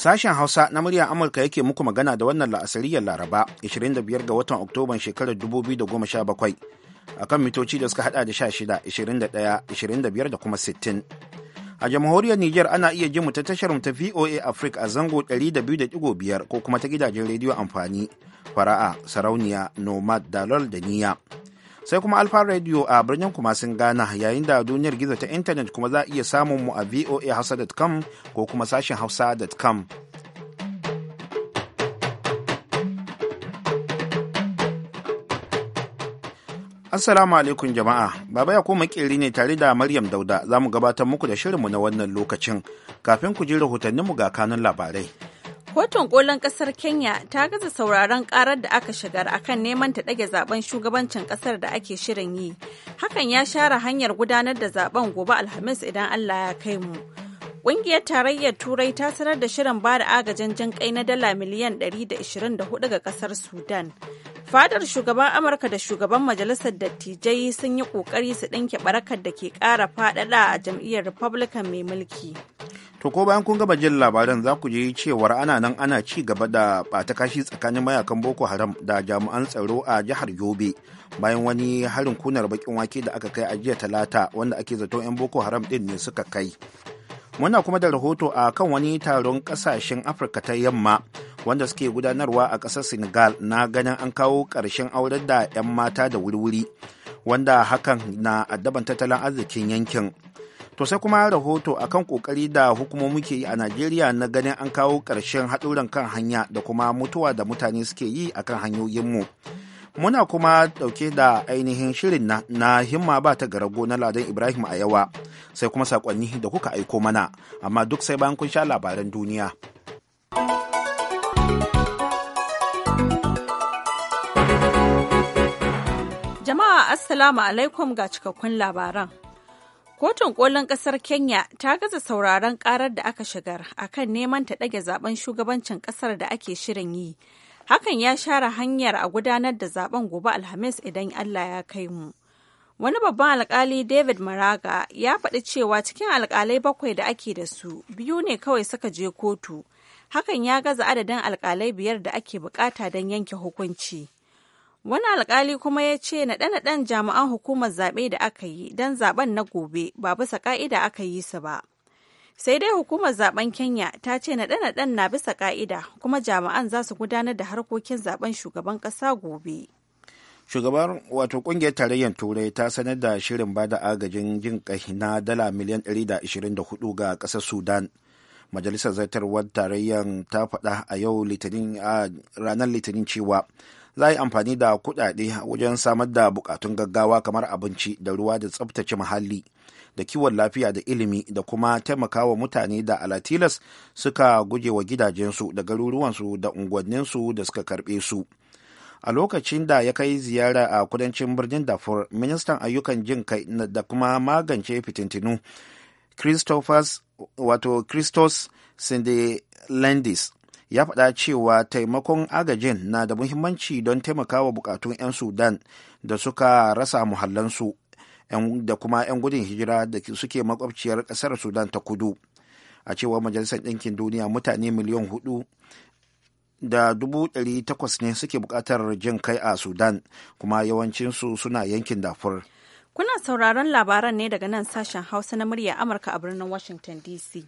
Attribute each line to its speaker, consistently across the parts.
Speaker 1: Sashen Hausa na muryar Amurka yake muku magana da wannan la'asariyar Laraba 25 ga watan Oktoban shekarar 2017 kan mitoci da suka hada da 16, 21, 25 da kuma 60. A jamhuriyar Nijar ana iya ji mu ta tashar mu ta VOA Africa a zango 200.5 ko kuma ta gidajen rediyo amfani, fara'a, sarauniya, nomad, dalol da Niya. sai kuma alfa radio a birnin kuma sun gana yayin da duniyar gizo ta intanet kuma za a iya samun mu a voahausa.com ko kuma sashen hausa.com Assalamu alaikum jama'a, Baba ya koma ƙeri ne tare da Maryam Dauda za mu gabatar muku da shirinmu na wannan lokacin kafin ku ji rahotanninmu ga kanun labarai.
Speaker 2: Kotun kolon kasar Kenya ta gaza sauraron karar da aka shigar akan neman ta ɗage zaben shugabancin kasar da ake shirin yi. Hakan ya share hanyar gudanar da zaben gobe Alhamis idan Allah ya kai mu. Ƙungiyar Tarayyar Turai ta sanar da shirin bada agajin jin na dala miliyan 124 ga kasar Sudan. Fadar shugaban Amurka da shugaban majalisar dattijai sun yi ƙoƙari su ɗinke barakar da ke ƙara faɗaɗa a jam'iyyar Republican mai mulki.
Speaker 1: To ko bayan kun gama jin labaran za ku ji cewar ana nan ana ci gaba da ɓata kashi tsakanin mayakan Boko Haram da jami'an tsaro a jihar Yobe bayan wani harin kunar bakin wake da aka kai a jiya Talata wanda ake zaton 'yan Boko Haram ɗin ne suka kai. muna kuma da rahoto a kan wani taron kasashen afirka ta yamma wanda suke gudanarwa a ƙasar senegal na ganin an kawo ƙarshen auren da 'yan mata da wuri-wuri, wanda hakan na addaban tattalin arzikin yankin to sai kuma rahoto a kan ƙoƙari da hukumomi ke yi a najeriya na ganin an kawo ƙarshen haɗuran kan hanya da kuma mutuwa da mutane suke yi a kan hanyoyinmu Muna kuma ɗauke da ainihin shirin na, na himma ba ta garago na Ladan Ibrahim a yawa, sai kuma saƙonni da kuka aiko mana, amma duk sai bayan kun sha labaran duniya.
Speaker 2: Jama'a Assalamu alaikum ga cikakkun labaran. Kotun ƙolin ƙasar Kenya ta gaza sauraron ƙarar da aka shigar akan neman ta ɗage zaben shugabancin ƙasar da ake shirin yi Hakan ya share hanyar a gudanar da zaben gobe Alhamis idan Allah ya kai mu. Wani babban alkali David Maraga ya faɗi cewa cikin alkalai bakwai da ake da su biyu ne kawai suka je kotu. Hakan ya gaza adadin alkalai biyar da ake bukata don yanke hukunci. Wani alkali kuma ya ce na naɗen jami'an hukumar zaɓe da aka yi don zaɓen na gobe ba bisa ƙa'ida aka yi su ba. sai dai hukumar zaben kenya ta ce naɗe-naɗen na bisa ƙa'ida kuma jami'an za su gudanar da harkokin zaben shugaban ƙasa gobe
Speaker 1: shugaban wato kungiyar tarayyar turai ta sanar da shirin bada agajin jin na dala miliyan 124 ga ƙasar sudan majalisar zartarwar tarayyar ta faɗa a yau litinin ranar litinin cewa za a yi amfani da kuɗaɗe wajen samar da bukatun gaggawa kamar abinci da ruwa da tsabtace muhalli da kiwon lafiya da ilimi da kuma taimakawa mutane da alatilas suka guje wa gidajensu da garuruwansu da unguwanninsu da suka karbe su a lokacin da ya kai ziyara a kudancin birnin dafur ministan ayyukan jin kai da kuma magance fitintinu christophers wato christos Landis ya faɗa cewa taimakon agajin na da muhimmanci don taimakawa bukatun 'yan sudan da suka rasa muhallansu da kuma 'yan gudun hijira da suke makwabciyar kasar sudan ta kudu a cewa majalisar ɗinkin duniya mutane miliyan hudu da dubu ɗari takwas ne suke buƙatar jin kai a sudan kuma yawancinsu suna yankin dafur
Speaker 2: kuna sauraron labaran ne daga nan sashen hausa na murya amurka a birnin washington dc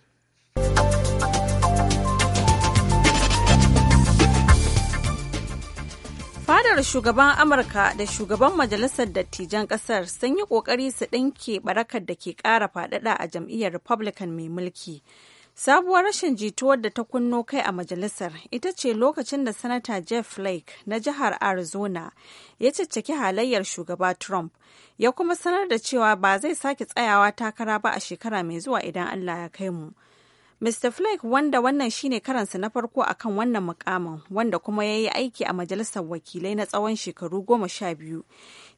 Speaker 2: fadar shugaban amurka da shugaban majalisar dattijan kasar sun yi kokari su ɗinke barakar da ke ƙara faɗaɗa a jam'iyyar republican mai mulki sabuwar rashin jituwar da ta kunno kai a majalisar ita ce lokacin da sanata jeff flake na jihar arizona ya cicciki halayyar shugaba trump ya kuma sanar da cewa ba zai sake tsayawa takara ba a shekara mai zuwa idan allah ya kai mu. Mr. Flake wanda wannan shine karansa na farko akan wannan mukamin wanda kuma ya yi aiki a majalisar wakilai na tsawon shekaru goma sha biyu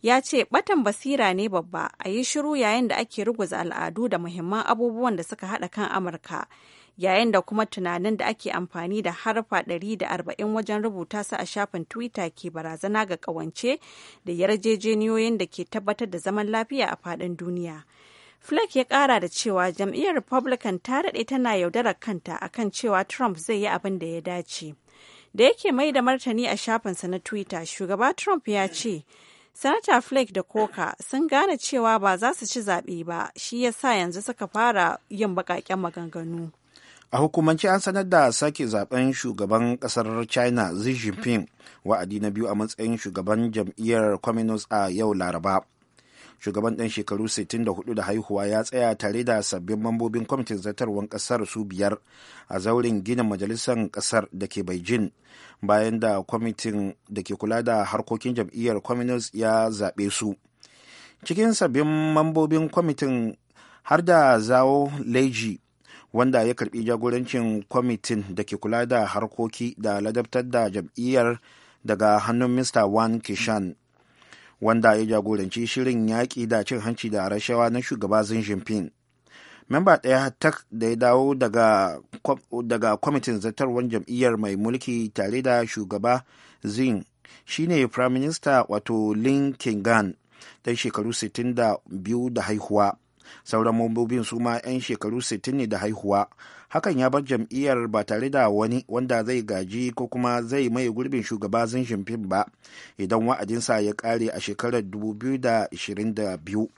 Speaker 2: ya ce batan basira ne babba a yi shiru yayin da ake ruguza al'adu da muhimman abubuwan da suka haɗa kan Amurka yayin da kuma tunanin da ake amfani da harfa arba'in wajen rubuta su a shafin Twitter ke barazana ga ƙawance da yarjejeniyoyin da ke tabbatar da zaman lafiya a faɗin duniya. Flake ya kara da cewa jam'iyyar Republican ta daɗe tana yaudarar kanta akan cewa Trump zai yi abin da ya dace. Da yake mai da martani a shafinsa na Twitter, shugaba Trump ya ce, Sanata Flake da Koka sun gane cewa ba za su ci zaɓe ba, shi ya sa yanzu suka fara yin baƙaƙen maganganu.
Speaker 1: A hukumance an sanar da sake zaben shugaban ƙasar China Xi Jinping wa'adi na biyu a matsayin shugaban jam'iyyar Communist a yau Laraba. shugaban ɗan shekaru 64 da haihuwa ya tsaya tare da sabbin mambobin kwamitin zartarwar ƙasar su biyar a zaurin ginin majalisar ƙasar da ke beijing bayan da kwamitin da ke kula da harkokin jam'iyyar communist ya zaɓe su cikin sabbin mambobin kwamitin har da zawo leji wanda ya karbi jagorancin kwamitin da ke kula da harkoki da ladabtar da jam'iyyar daga hannun mr wan kishan wanda ya jagoranci shirin yaƙi da cin hanci da rashawa na shugaba Xi Jinping. Memba ɗaya hatak da ya dawo daga kwamitin zartarwar jam'iyyar mai mulki tare da shugaba Xi shine Prime Minister wato Lin Kingan, ɗan shekaru 62 da haihuwa. sauran mambobin su ma 'yan shekaru 60 ne da haihuwa hakan ya bar jam'iyyar ba tare da wani wanda zai gaji ko kuma zai mai gurbin shugaba zin shimfin ba idan wa'adinsa ya kare a shekarar 2022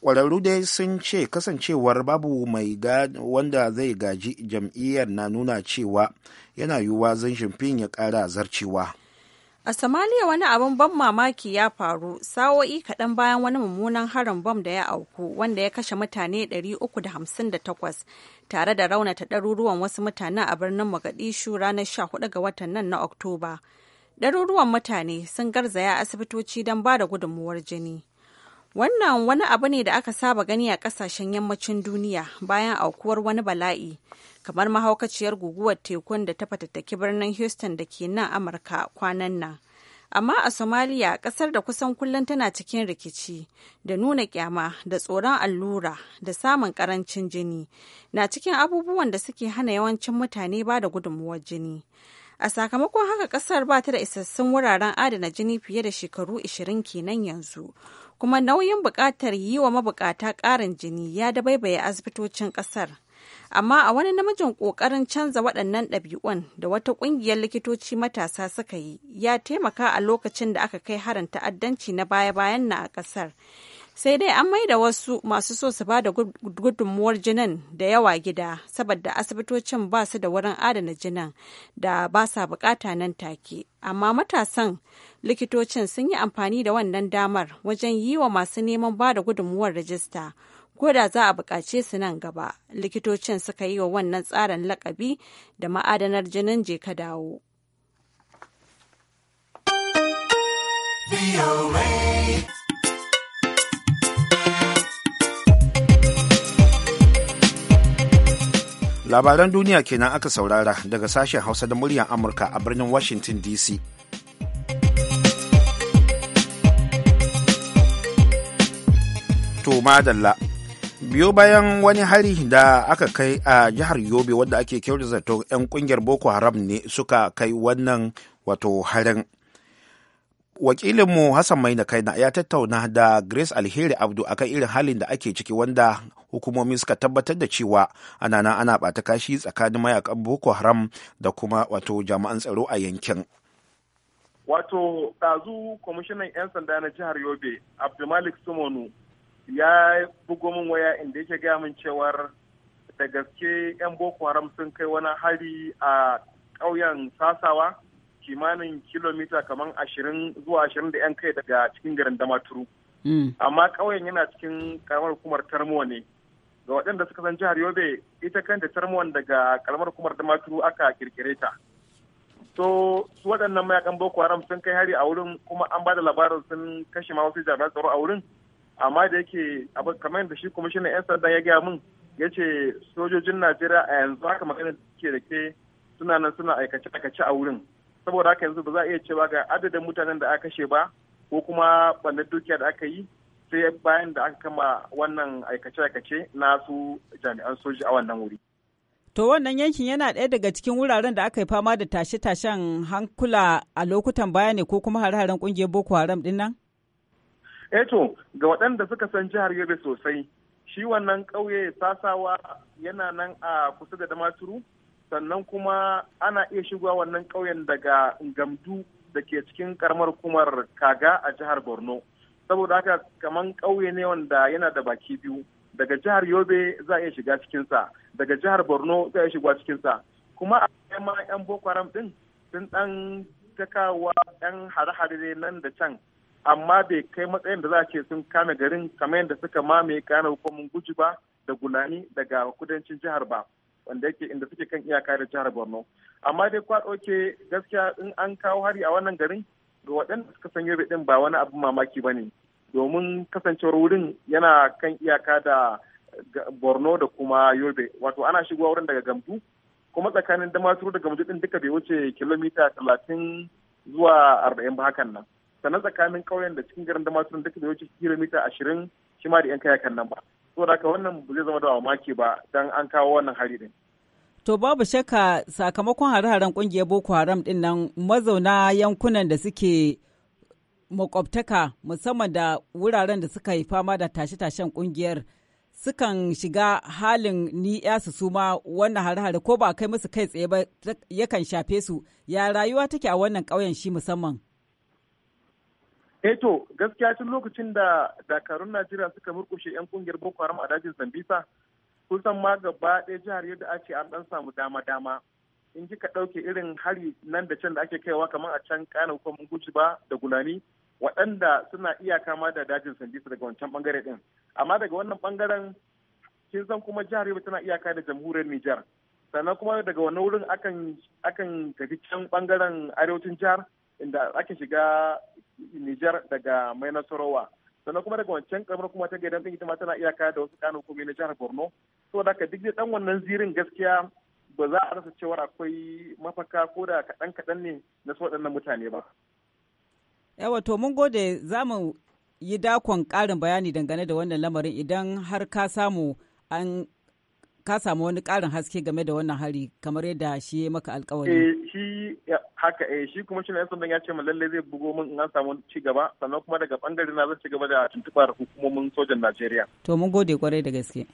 Speaker 1: kwararru dai sun ce kasancewar babu mai wanda zai gaji jam'iyyar na nuna cewa yana yiwuwa zan shimfin ya kara zarcewa
Speaker 2: A Somalia wani abin ban mamaki ya faru sa'o'i kaɗan bayan wani mummunan harin bom da ya auku wanda ya kashe mutane 358 tare da raunata ɗaruruwan wasu mutane a birnin Mogadishu ranar 14 ga watan nan na Oktoba. Ɗaruruwan mutane sun garzaya asibitoci don ba da gudunmuwar jini. Wannan wani abu ne da aka saba gani a ƙasashen yammacin duniya bayan aukuwar wani bala'i kamar mahaukaciyar guguwar tekun da ta fatattaki birnin houston da ke nan amurka kwanan nan amma a Somalia, kasar da kusan kullum tana cikin rikici da nuna kyama da tsoron allura da samun karancin jini na cikin abubuwan da suke hana yawancin mutane ba da gudunmuwar jini a sakamakon haka kasar ba ta da isassun wuraren adana jini fiye da shekaru 20 kenan yanzu kuma nauyin bukatar yi wa mabukata ƙarin jini ya dabaibaye asibitocin ƙasar amma a wani namijin ƙoƙarin canza waɗannan ɗabi'un da wata ƙungiyar likitoci matasa suka yi ya taimaka a lokacin da aka kai harin ta'addanci na baya-bayan na a ƙasar sai dai an mai da wasu masu so su ba da gudunmuwar jinin da yawa gida saboda asibitocin ba su da wurin adana jinin da ba sa bukata nan take amma matasan likitocin sun yi amfani da wannan damar wajen yi wa masu neman ba da gudunmuwar rajista ko za a buƙace su nan gaba likitocin suka yi wa wannan tsarin lakabi da ma'adanar jinin je ka dawo
Speaker 1: labaran duniya kenan aka saurara daga sashen hausa da muryar amurka a birnin washington dc to madalla biyo bayan wani hari da aka kai a jihar yobe wanda ake kyauta zato 'yan kungiyar boko haram ne suka kai wannan wato harin wakilinmu hassan mai na kaina ya tattauna da grace alheri abdu akan irin halin da ake ciki wanda hukumomi suka tabbatar da cewa ana nan ana bata kashi tsakanin mayakan boko haram da kuma wato jami'an tsaro a yankin
Speaker 3: wato ɗazu kwamishinan 'yan sanda na jihar yobe abdulmalik sumonu ya bugo min waya inda yake gaya min cewar da gaske 'yan boko haram sun kai wani hari a ƙauyen sasawa kimanin kilomita kamar ashirin zuwa ashirin da 'yan kai daga cikin garin damaturu
Speaker 4: hmm. amma
Speaker 3: ƙauyen yana cikin karamar hukumar tarmuwa ne ga waɗanda suka san jihar yobe ita kanta tarmuwan daga karamar hukumar damaturu aka kirkire ta so su waɗannan mayakan boko haram sun kai hari a wurin kuma an ba da labarin sun kashe ma wasu jami'an tsaro a wurin amma da yake kamar da shi kwamishinan 'yan sanda ya gaya mun ya ce sojojin najeriya a yanzu haka magana ke da ke suna nan suna aikace-aikace a wurin saboda haka yanzu ba za a iya cewa ga adadin mutanen da aka kashe ba ko kuma ɓannar dukiya da aka yi sai bayan da aka kama wannan aikace-aikace na su jami'an soji a wannan
Speaker 5: wuri. To wannan yankin yana ɗaya daga cikin wuraren da aka yi fama da tashe-tashen hankula a lokutan baya ne ko kuma hare-haren ƙungiyar Boko Haram dinnan nan? eto eh
Speaker 3: ga waɗanda suka san jihar yobe sosai shi wannan ƙauye sasawa yana nan a kusa da damaturu sannan kuma ana iya shigowa wannan ƙauyen daga gamdu da ke cikin karamar kumar kaga a jihar borno saboda haka kamar ƙauye ne wanda yana da baki biyu daga jihar yobe za a iya shiga cikinsa daga jihar borno za a iya shiga cikinsa kuma a ma 'yan boko haram din sun ɗan takawa 'yan hare-hare nan da can amma bai kai matsayin da za a ce sun kame garin kamar yadda suka mamaye kana hukumin guji ba da gulani daga kudancin jihar ba wanda yake inda suke kan iyaka da jihar borno amma dai kwa ɗauke gaskiya in an kawo hari a wannan garin ga waɗanda suka san yobe ɗin ba wani abin mamaki ba ne domin kasancewar wurin yana kan iyaka da borno da kuma yobe wato ana shigowa wurin daga gamdu kuma tsakanin damaturu da gamdu ɗin duka bai wuce kilomita talatin zuwa arba'in ba hakan nan sannan tsakanin ƙauyen da cikin garin damaturu da take da wuce kilomita ashirin shi ma da yan kayakan nan ba so haka wannan ba zai zama da mamaki ba dan an kawo wannan hari din
Speaker 5: To babu shakka sakamakon hare-haren kungiyar Boko Haram din nan mazauna yankunan da suke makwabtaka musamman da wuraren da suka yi fama da tashe-tashen kungiyar sukan shiga halin ni su suma wannan hare-hare ko ba kai musu kai tsaye ba yakan shafe su ya rayuwa take a wannan ƙauyen shi musamman.
Speaker 3: Eh to gaskiya tun lokacin da dakarun Najeriya suka murkushe 'yan kungiyar Boko Haram a dajin zambisa kusan ma gaba ɗaya jihar yadda a ce an ɗan samu dama-dama in ji ka ɗauke irin hari nan da can da ake kaiwa kamar a can kana hukumin guji ba da gulani waɗanda suna iya kama da dajin zambisa daga wancan ɓangare ɗin amma daga wannan ɓangaren kin san kuma jihar yau tana iyaka da jamhuriyar Nijar sannan kuma daga wannan wurin akan tafi can bangaren arewacin jihar inda ake shiga Nijar daga mai nasarowa sannan kuma daga wancan karamar kuma ta gaidan ɗin ita ma tana iyaka da wasu kano kuma na jihar Borno saboda ka duk dan wannan zirin gaskiya ba za a rasa cewa akwai mafaka ko da kaɗan kaɗan ne na su waɗannan mutane ba.
Speaker 5: Yawa to mun gode za mu yi dakon ƙarin bayani dangane da wannan lamarin idan har ka samu an ka samu wani karin haske game da wannan hari kamar yadda shi ya maka alkawari. Eh
Speaker 3: shi haka eh shi kuma shi na sandan ya ce ma lalle zai bugo min in an samu ci gaba sannan kuma daga bangare na zai ci gaba da tuntuɓar hukumomin sojan Najeriya.
Speaker 5: To mun gode kwarai da gaske.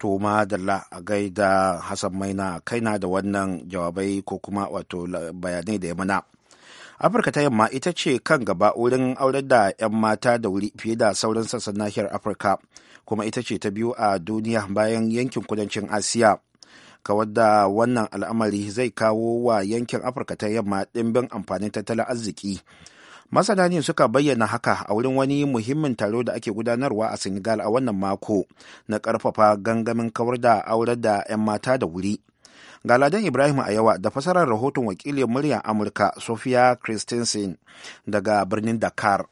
Speaker 5: to
Speaker 1: ma la a gaida hassan maina kaina da wannan jawabai ko kuma wato bayanai da ya mana afirka ta yamma ita ce kan gaba wurin aurar da 'yan mata da wuri fiye da sauran sassan nahiyar afirka kuma ita ce ta biyu a duniya bayan yankin kudancin asiya kawar da wannan al'amari zai kawo wa yankin afirka ta yamma ɗimbin amfanin tattalin arziki masana ne suka bayyana haka a wurin wani muhimmin taro da ake gudanarwa a senegal a wannan mako na karfafa gangamin kawar da aurar da 'yan mata da wuri galadan ibrahim a yawa da fasarar rahoton wakilin muryar amurka sophia christensen daga birnin dakar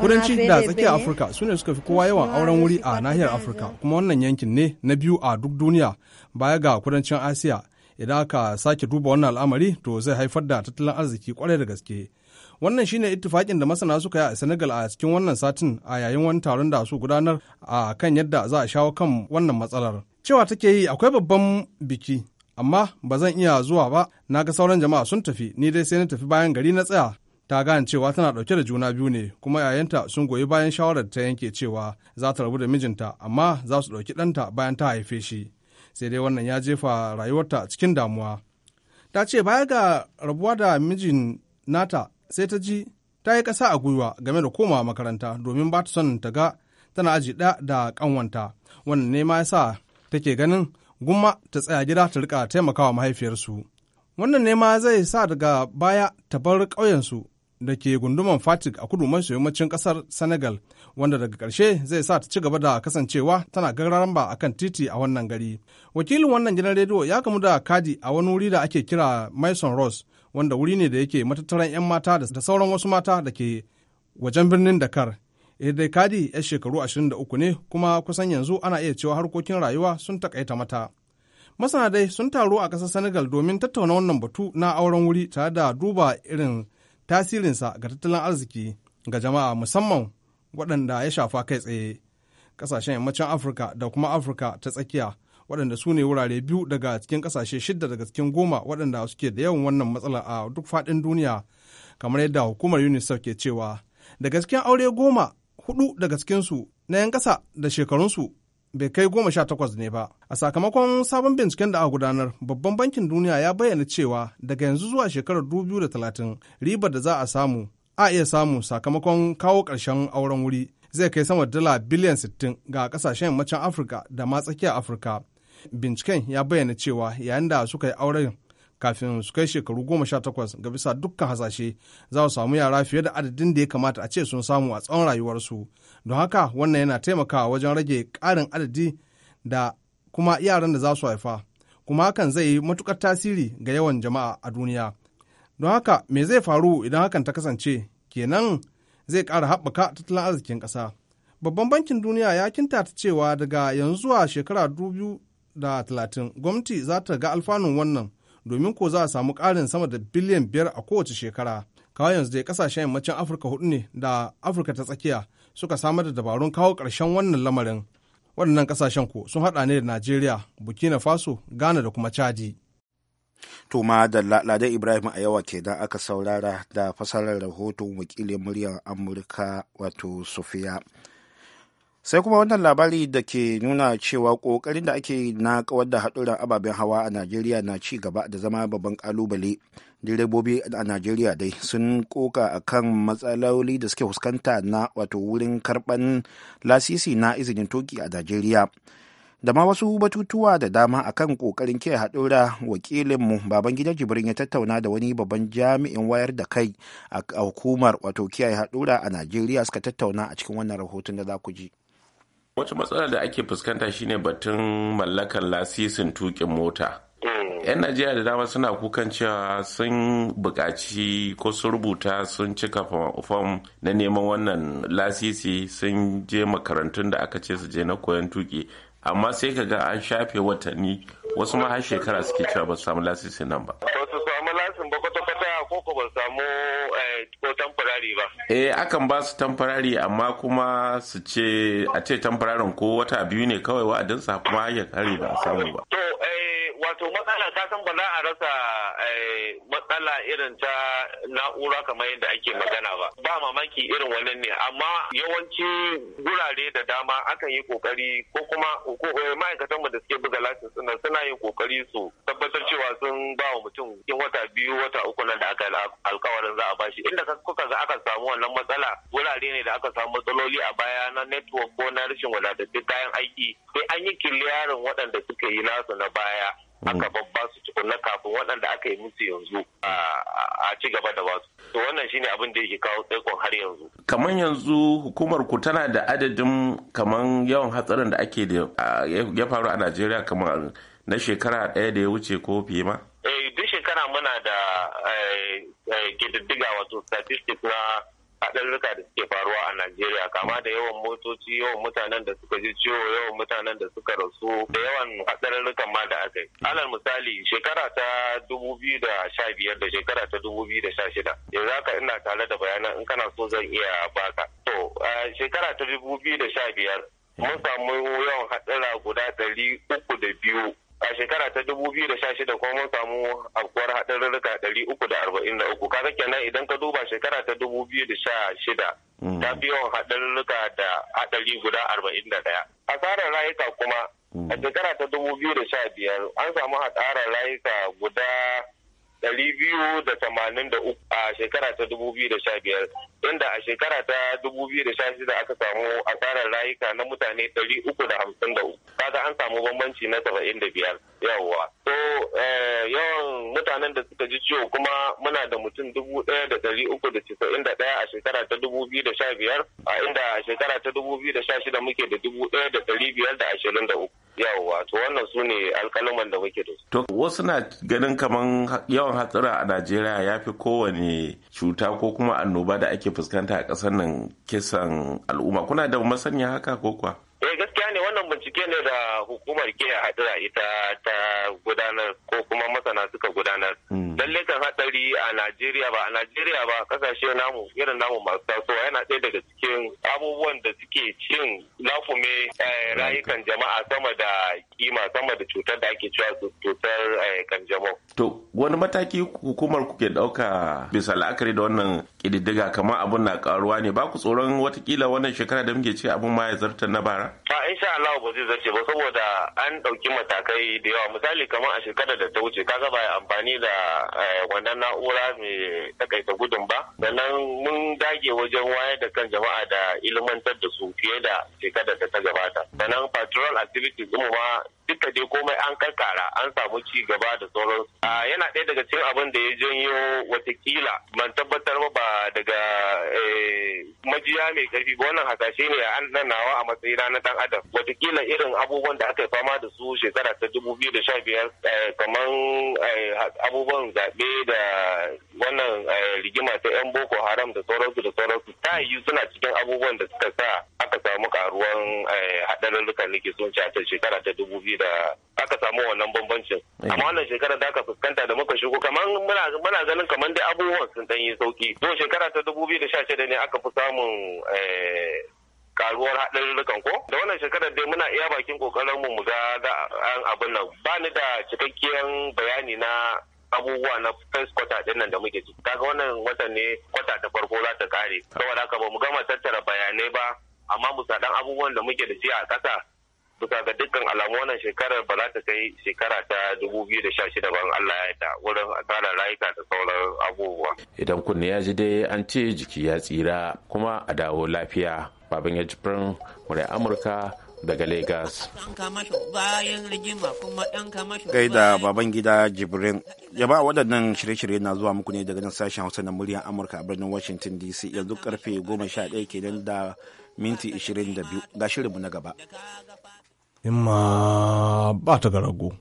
Speaker 2: kudanci da tsakiyar
Speaker 6: afirka su ne suka fi kowa yawan auren wuri a nahiyar afirka kuma wannan yankin ne na biyu a duk duniya baya ga kudancin asiya idan aka sake duba wannan al'amari to zai haifar da tattalin arziki kwarai da gaske wannan shine ittifakin da masana suka yi a senegal a cikin wannan satin a yayin wani taron da su gudanar a kan yadda za a shawo kan wannan matsalar cewa take yi akwai babban biki amma ba zan iya zuwa ba na ga sauran jama'a sun tafi ni dai sai na tafi bayan gari na tsaya ta gane cewa tana ɗauke da juna biyu ne kuma yayanta sun goyi bayan shawarar ta yanke cewa za ta rabu da mijinta amma za su ɗauki ɗanta bayan ta haife shi sai dai wannan ya jefa rayuwarta cikin damuwa ta ce baya ga rabuwa da mijin nata sai ta ji ta yi ƙasa a gwiwa game da komawa makaranta domin ba ta son ta ga tana aji ɗaya da ƙanwanta wannan ne ma ya sa take ganin gumma ta tsaya gida ta rika taimakawa mahaifiyarsu wannan ne ma zai sa daga baya ta bar ƙauyensu da ke gunduman fatik a kudu maso yammacin kasar senegal wanda daga karshe zai sa ta ci gaba da kasancewa tana gararamba a kan titi a wannan gari wakilin wannan gidan rediyo ya gamu da kadi a wani wuri da ake kira maison ross wanda wuri ne da yake matattaran 'yan mata da sauran wasu mata da ke wajen birnin dakar eh, dai kadi ya shekaru ashirin 23 ne kuma kusan yanzu ana iya cewa harkokin rayuwa sun takaita mata masana dai sun taru a ƙasar senegal domin tattauna wannan batu na auren wuri tare da duba irin tasirinsa ga tattalin arziki ga jama'a musamman waɗanda ya shafa kai tsaye ƙasashen yammacin afirka da kuma afirka ta tsakiya waɗanda su ne wurare biyu daga cikin ƙasashe shidda daga cikin goma waɗanda suke da yawan wannan matsala a duk faɗin duniya kamar yadda hukumar unicef ke cewa daga cikin aure goma hudu daga cikinsu na 'yan ƙasa da shekarunsu bai kai goma sha takwas ne ba. A sakamakon sabon binciken da a gudanar, Babban Bankin Duniya ya bayyana cewa daga yanzu zuwa shekarar da talatin ribar da za a samu a iya samu sakamakon kawo ƙarshen auren wuri zai kai sama dala biliyan sittin ga ƙasashen yammacin Afirka da ma tsakiyar Afirka. Binciken ya bayyana cewa yayin da suka yi auren kafin su kai shekaru goma sha takwas ga bisa dukkan hasashe za su samu yara fiye da adadin da ya kamata a ce sun samu a tsawon rayuwarsu don haka wannan yana taimakawa wajen rage karin adadi da kuma yaran da za su haifa kuma hakan zai yi matukar tasiri ga yawan jama'a a duniya don haka me zai faru idan hakan ta kasance kenan zai kara haɓaka tattalin arzikin ƙasa babban bankin duniya ya kintata cewa daga yanzu zuwa shekara talatin gwamnati za ta ga alfanun wannan domin ko za a samu ƙarin sama da biliyan biyar a kowace shekara kawai yanzu dai kasashen yammacin afirka hudu ne da afirka ta tsakiya suka samar da dabarun kawo ƙarshen wannan lamarin waɗannan kasashen ko sun haɗa ne da najeriya burkina faso ghana da kuma chadi
Speaker 1: to ma da ladan ibrahim a yawa ke aka saurara da fasarar rahoton wakilin muryar amurka wato sofiya sai kuma wannan labari da ke nuna cewa kokarin da ake na kawar da haɗuran ababen hawa a najeriya na ci gaba da zama babban kalubale direbobi a najeriya dai sun koka a kan matsaloli da suke fuskanta na wato wurin karban lasisi na izinin toki a najeriya da ma wasu batutuwa da dama akan kokarin ke haɗura wakilinmu baban gidan jibrin ya tattauna da wani babban jami'in wayar da kai a hukumar wato kiyaye haɗura a najeriya suka tattauna a cikin wannan rahoton da za ku ji.
Speaker 7: wata matsalar da ake fuskanta shine batun mallakar lasisin tukin mota mm. 'yan najeriya da dama suna kukan cewa sun bukaci ko sun rubuta sun cika fom na neman wannan lasisi sun je makarantun da aka ce su je na koyon tuki amma sai ka ga an shafe watanni wasu ma har shekara suke cewa ba su samu lasisi nan ba
Speaker 8: ba su samu lasin ba kwata-kwata ko ko ba samu eh, ko tamfarari
Speaker 7: ba eh akan ba su tamfarari amma kuma su ce a ce tamfararin ko wata biyu ne kawai wa'adinsa kuma ya kare da a samu ba
Speaker 8: to eh wato matsala ta san ba a rasa eh, matsala irin ta na'ura kamar yadda ake magana ba ba mamaki irin wannan ne amma yawanci gurare da dama akan yi kokari ko kuma eh, ma'aikatan da suke buga lasin suna suna yin kokari su tabbatar cewa sun ba wa mutum cikin wata biyu wata uku nan da aka alkawarin za a bashi inda kuka ga aka samu wannan matsala wurare ne da aka samu matsaloli a baya na network ko na rashin wadatattun kayan aiki sai an yi kiliyarin waɗanda suka yi nasu na baya aka babba su tukunna kafin waɗanda aka yi musu yanzu a ci gaba da basu to wannan shine abin da yake kawo tsaikon har yanzu
Speaker 7: kamar yanzu hukumar ku tana da adadin kamar yawan hatsarin da ake da ya faru a Najeriya kamar na shekara ɗaya da ya wuce ko fiye ma
Speaker 8: eh duk shekara muna da kididdiga eh, eh, wato statistics na haɗarurruka da suke faruwa a Najeriya kama da yawan motoci yawan mutanen da suka ji ciwo yawan mutanen da suka rasu da yawan haɗarurrukan ma da aka yi. Alal misali shekara ta dubu biyu da sha biyar da shekara ta dubu biyu da sha shida yanzu haka ina tare da bayanan in kana so zan iya baka. To shekara ta dubu biyu da sha biyar mun samu yawan haɗura guda ɗari uku da biyu a shekara ta dubu biyu da sha shida kuma mun samu afkuwar haɗarurruka ɗari uku da arba'in da uku kaga kenan idan ka duba shekara ta dubu biyu da sha shida mm. ta fi yawan haɗarurruka da haɗari guda arba'in da ɗaya asarar rayuka kuma mm. a shekara ta dubu biyu da sha biyar an samu hasarar rayuka guda ɗari biyu da tamanin da uku a shekara ta dubu biyu da sha biyar inda a shekara ta dubu biyu da sha shida aka samu asarar rayuka na mutane ɗari uku da hamsin da uku kaga an samu bambanci na saba'in da biyar yawwa to eh, yawan mutanen da suka ji ciwo kuma muna da mutum dubu ɗaya da ɗari uku da casa'in da ɗaya a shekara ta dubu biyu da sha biyar a inda a shekara ta dubu biyu da sha shida muke da dubu ɗaya da ɗari biyar da ashirin da uku yawwa to wannan su ne alkaluman da muke da su.
Speaker 7: To wasu na ganin kamar yawan hatsura a Najeriya ya fi kowane cuta ko kuma annoba da ake fuskanta a ƙasar nan kisan al'umma kuna da masaniya haka ko kuwa?
Speaker 8: eh gaskiya ne wannan bincike ne da hukumar ke hadira ita ta gudanar ko kuma masana suka gudanar hmm. lalle kan hadari a Najeriya ba a Najeriya ba kasashe namu irin namu masu tasowa yana ɗaya daga cikin abubuwan da suke cin lafume eh, rayukan jama'a sama da kima sama da cutar da ake cewa cutar eh, kanjamau
Speaker 7: to wani mataki hukumar ke ɗauka bisa la'akari da wannan ƙididdiga kamar abun na karuwa ne ba ku tsoron watakila wannan shekara da muke ce abun ma ya zarta na bara
Speaker 8: a insha Allah ba zai zace ba saboda an ɗauki matakai da yawa misali kamar a shekarar da ta wuce kaga ba amfani da eh, wannan na'ura mai takaita gudun ba sannan mun dage wajen wayar da kan jama'a da ilmantar da su fiye da shekarar da ta gabata sannan patrol activities mu ma duka dai komai an karkara an samu ci gaba da sauran yana ɗaya daga cikin abin da ya janyo watakila ban tabbatar ba daga eh, majiya mai karfi ba wannan hasashe ne a an nawa a rana na dan adam wataƙila irin abubuwan da aka yi fama da su shekara ta dubu biyu da sha biyar eh, kamar eh, abubuwan zaɓe da wannan eh, rigima ta yan boko haram da sauransu da sauransu ta yi suna cikin abubuwan da suka sa aka samu karuwan haɗarurrukan da ke sun ci a shekara ta dubu biyu da aka samu wannan bambancin amma wannan shekara da aka fuskanta da muka shigo kamar muna ganin kamar dai abubuwan sun ɗan yi sauki to shekara ta dubu biyu da sha shida ne aka fi samun karuwar haɗarurrukan ko da wannan shekarar dai muna iya bakin kokarin mu ga an abin nan ba ni da cikakkiyar bayani na abubuwa na first quarter din nan da muke ji kaga wannan watan ne kwata ta farko za ta kare saboda haka ba mu gama tattara bayanai ba amma mu sadan abubuwan da muke da shi a ƙasa bisa ga dukkan alamu wannan shekarar ba za ta kai shekara ta 2016 ba Allah ya yarda wurin tsara rayuka da sauran abubuwa
Speaker 7: idan kunne ya ji dai an ce jiki ya tsira kuma a dawo lafiya baban ya
Speaker 1: jibrin amurka daga Legas. Gaida baban gida Jibrin. ba waɗannan shirye-shirye na zuwa muku ne daga nan sashen Hausa na muryar Amurka a birnin Washington DC yanzu karfe 11 kenan da minti 22 ga shirinmu na gaba.
Speaker 6: Imma ba ta ga rago.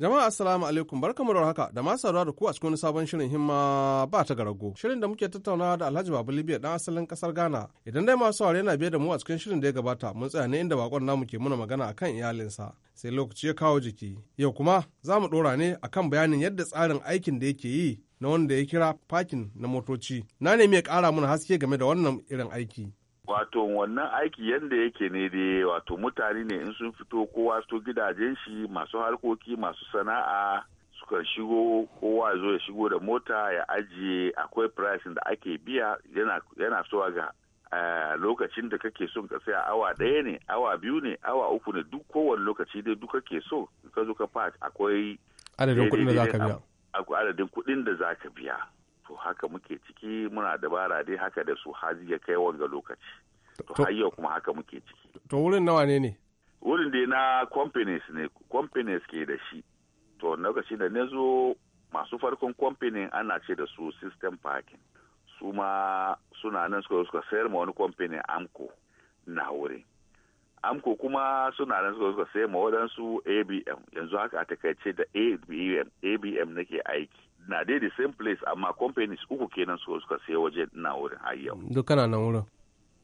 Speaker 6: Jama'a assalamu alaikum barkamu da haka da masu saurara da ku a cikin sabon shirin himma ba ta garago. Shirin da muke tattaunawa da Alhaji Babu Libya dan asalin kasar Ghana. Idan dai masu saurare na biye da mu a cikin shirin da ya gabata mun tsaya ne inda bakon namu ke muna magana akan iyalinsa. Sai lokaci ya kawo jiki. Yau kuma za mu dora ne akan bayanin yadda tsarin aikin da yake yi na wanda ya kira parking na motoci. Na nemi ya kara mana haske game da wannan irin aiki.
Speaker 4: wato wannan aiki yadda yake ne dai wato mutane ne in sun fito kowa su gidajen shi masu harkoki masu sana'a suka shigo kowa zo ya shigo da mota ya ajiye akwai pricing da ake biya yana sowa ga eh, lokacin da kake son ka saya awa ɗaya ne awa biyu ne awa uku ne duk kowane lokaci dai duka ke so ka zo ka akwai adadin kuɗin da za ka biya to haka muke ciki muna dabara dai haka da su haji ya kai wanga lokaci to har yau kuma haka muke ciki
Speaker 6: to wurin nawa ne ne
Speaker 4: wurin dai na companies ne companies ke da shi to lokacin da na zo masu farkon company ana ce da su system parking su ma suna nan suka suka sayar ma wani company amco na wurin amko kuma suna nan suka suka sayar ma wadansu abm yanzu haka a takaice da abm abm nake aiki na dai the same place amma companies uku kenan su suka sai wajen na wurin hayyau yau
Speaker 6: duk kana nan wurin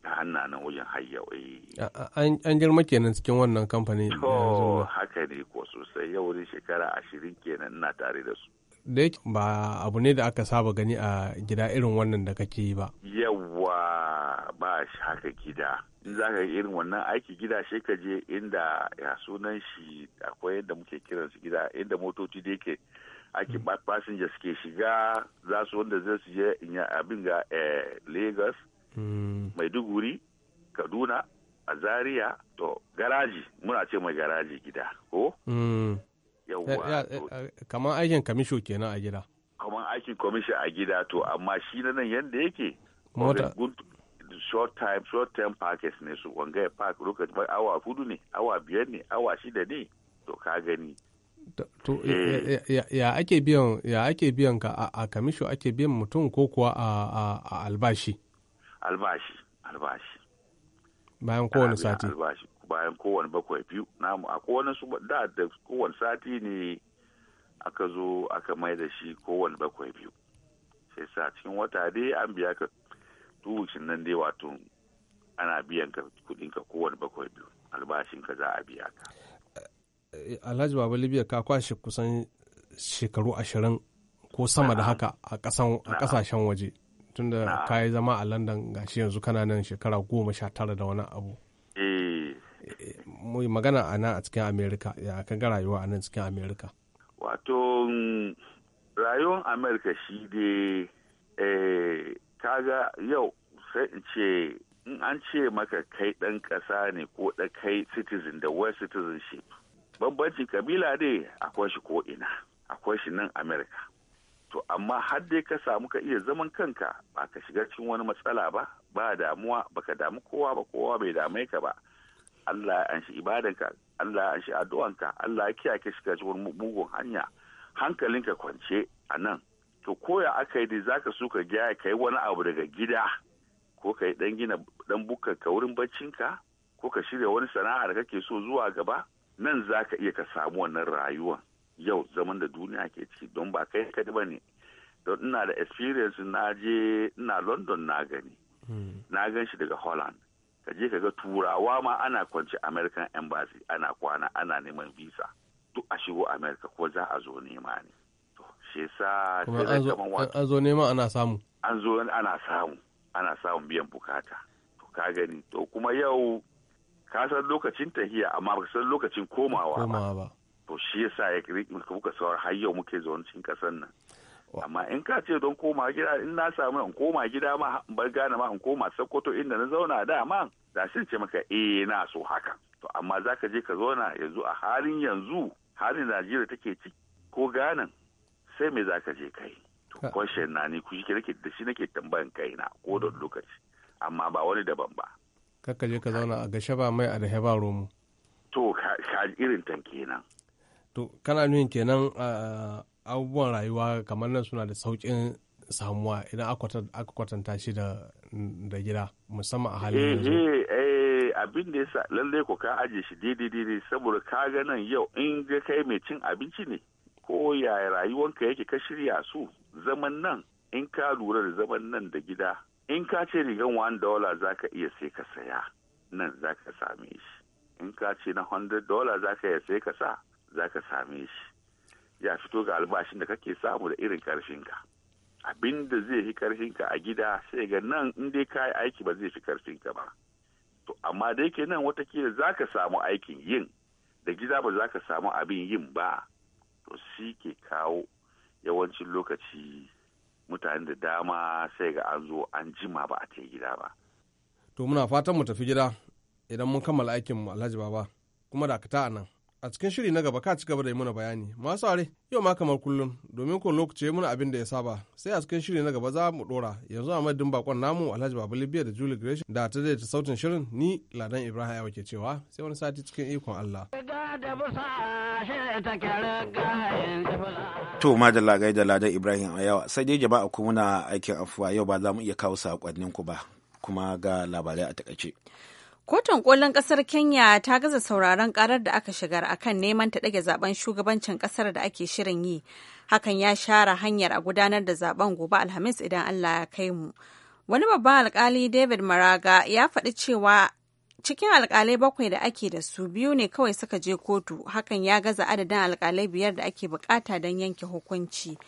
Speaker 4: na nan wajen hayyau eh
Speaker 6: an girma kenan cikin wannan kamfani to
Speaker 4: haka ne ko sosai yau ne shekara ashirin kenan ina tare da su
Speaker 6: da yake ba abu ne da aka saba gani a gida irin wannan da kake yi ba.
Speaker 4: Yawwa ba shi haka gida. In za ka irin wannan aiki gida sai ka je inda ya sunan shi akwai yadda muke kiransu gida inda motoci da yake ake fasinja mm. suke shiga za su wanda zai su je abin ga eh, lagos mm. maiduguri kaduna a zaria to garaji muna ce mai garaji gida ko mm. eh, eh,
Speaker 6: kamar aikin kamisho kenan a gida
Speaker 4: kamar aikin kamisho a gida to amma shi na nan yadda yake short time short term package ne su wanga ya park lokaci awa hudu ne awa biyar ne awa shida ne to ka gani
Speaker 6: To, eh. ya ake biyan ya ake biyan ka a kamisho ake biyan mutum ko kuwa a albashi?
Speaker 4: Albashi, albashi.
Speaker 6: Bayan kowane sati?
Speaker 4: Albashi, bayan kowane bakwai biyu. Namu, a kowane su da da kowane sati ne aka zo aka mai da shi kowane bakwai biyu. Sai sa cikin wata dai an biya ka tuwucin nan dai wato ana biyan ka kudin ka kowane bakwai biyu albashin ka za a biya ka.
Speaker 6: Eh, alhaji baba libya ka kwashe kusan shekaru ashirin ko sama da haka a kasashen waje tunda ka yi zama a london gashi yanzu kana nan shekara goma sha tara da wani abu eh. Eh, mu magana a nan a cikin amerika ya ka ga rayuwa a nan cikin amerika
Speaker 4: wato mm, rayuwar amerika shi dai ga yau sai in ce in an ce maka kai ɗan ƙasa ne ko ɗan kai citizen da west citizenship bambanci kabila dai akwai shi ko'ina akwai shi nan amerika to amma har dai ka samu ka iya zaman kanka ba ka shiga cikin wani matsala ba ba damuwa ba ka damu kowa ba kowa bai dame ka ba allah ya anshi ibadanka allah ya anshi addu'anka allah ya kiyaye ka shiga cikin mugun hanya hankalinka kwance a nan to koya aka yi dai zaka so ka gyara ka yi wani abu daga gida ko ka yi dan gina dan bukka ka wurin baccinka ko ka shirya wani sana'a da kake so zuwa gaba nan za ka iya ka samu wannan rayuwa yau zaman da duniya ke ciki don ba kai kadi ba ne don ina da experience na je ina london na gani hmm. na gan shi daga holland ka je ka ga turawa ma ana kwanci american embassy ana kwana ana neman visa duk a shigo america ko za a zo nema ne to shi sa an
Speaker 6: zo nema ana samu
Speaker 4: an zo ana samu ana samun biyan bukata to ka gani to kuma yau ka san lokacin tahiya amma ba san lokacin komawa ba to shi yasa ya kuka saurar har yau muke zaune cikin kasar nan amma in ka ce don koma gida in na samu in koma gida ma bar gane ma in koma sokoto inda na zauna da ma da shi ce maka eh na so haka to amma zaka je ka zauna yanzu a halin yanzu halin Najeriya take ci ko ganan sai me zaka je kai to question na ni ku shi nake da shi nake tambayan kai na ko da mm. lokaci amma ba wani daban ba
Speaker 6: kakka je ka zauna a gashe ba mai a da ba romo
Speaker 4: to ka irin tan kenan
Speaker 6: to kana nuhin kenan abubuwan rayuwa kamar nan suna da sauƙin samuwa idan aka kwatanta shi da gida musamman a halin eh, yanzu eh,
Speaker 4: eh, abin da yasa lallai ko ka aje shi daidai daidai saboda ka ga nan yau in ga kai mai cin abinci ne ko yaya rayuwanka yake ka shirya su zaman nan in ka lura da zaman nan da gida in ka ce rigan one dollar za ka iya sai ka saya nan za ka same shi in ka ce na hundred dollar za ka iya sai ka sa za ka same shi ya fito ga albashin da kake samu da irin karfinka abin da zai fi karfinka a gida sai ga nan in dai ka yi aiki ba zai fi karfinka ba to amma da yake nan watakila za ka samu aikin yin da gida ba za ka samu abin yin ba to shi ke kawo yawancin lokaci mutane da dama sai ga an zo an jima ba a ce gida ba.
Speaker 6: To muna fatan mu tafi gida idan mun kammala aikin mu Alhaji Baba kuma dakata a nan. A cikin shiri na gaba ka ci gaba da yi muna bayani. Masu are yau ma kamar kullum domin ko lokaci muna abin da ya saba sai a cikin shiri na gaba za mu dora yanzu a madadin bakon namu Alhaji Baba Libya da Julie Gresham da ta daidaita sautin shirin ni Ladan Ibrahim ya ke cewa sai wani sati cikin ikon Allah.
Speaker 1: To madalla gai da ladan Ibrahim a yawa sai dai jama'a kuma muna aikin afuwa yau ba za mu iya kawo sakonnin ku ba kuma ga labarai a takaice.
Speaker 2: Kotun kolin kasar Kenya ta gaza sauraron karar da aka shigar akan neman ta ɗage zaben shugabancin kasar da ake shirin yi. Hakan ya share hanyar a gudanar da zaben gobe Alhamis idan Allah ya kai mu. Wani babban alkali David Maraga ya faɗi cewa cikin alkalai bakwai da ake da su biyu ne kawai suka je kotu hakan ya gaza adadin alkalai biyar da ake bukata don yanke hukunci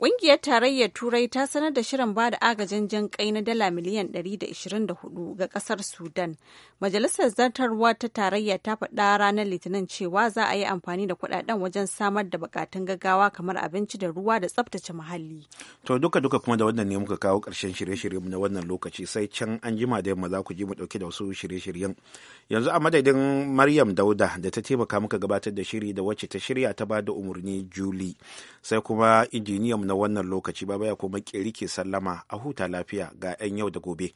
Speaker 2: Ƙungiyar Tarayyar Turai ta sanar da shirin ba da agajin jan kai na dala miliyan 124 ga ƙasar Sudan. Majalisar Zartarwa ta Tarayya ta faɗa ranar Litinin cewa za a yi amfani da kuɗaɗen wajen samar da buƙatun gaggawa kamar abinci da ruwa da tsaftace muhalli.
Speaker 1: To duka-duka kuma da wannan ne muka kawo karshen shirye shiryen na wannan lokaci sai can an jima da yamma za ku ji mu ɗauke da wasu shirye-shiryen. Yanzu a madadin Maryam Dauda da ta taimaka muka gabatar da shiri da wacce ta shirya ta ba da umarni Julie. Sai kuma injiniyan na wannan lokaci baba ya kuma ke sallama a huta lafiya ga 'yan yau da gobe.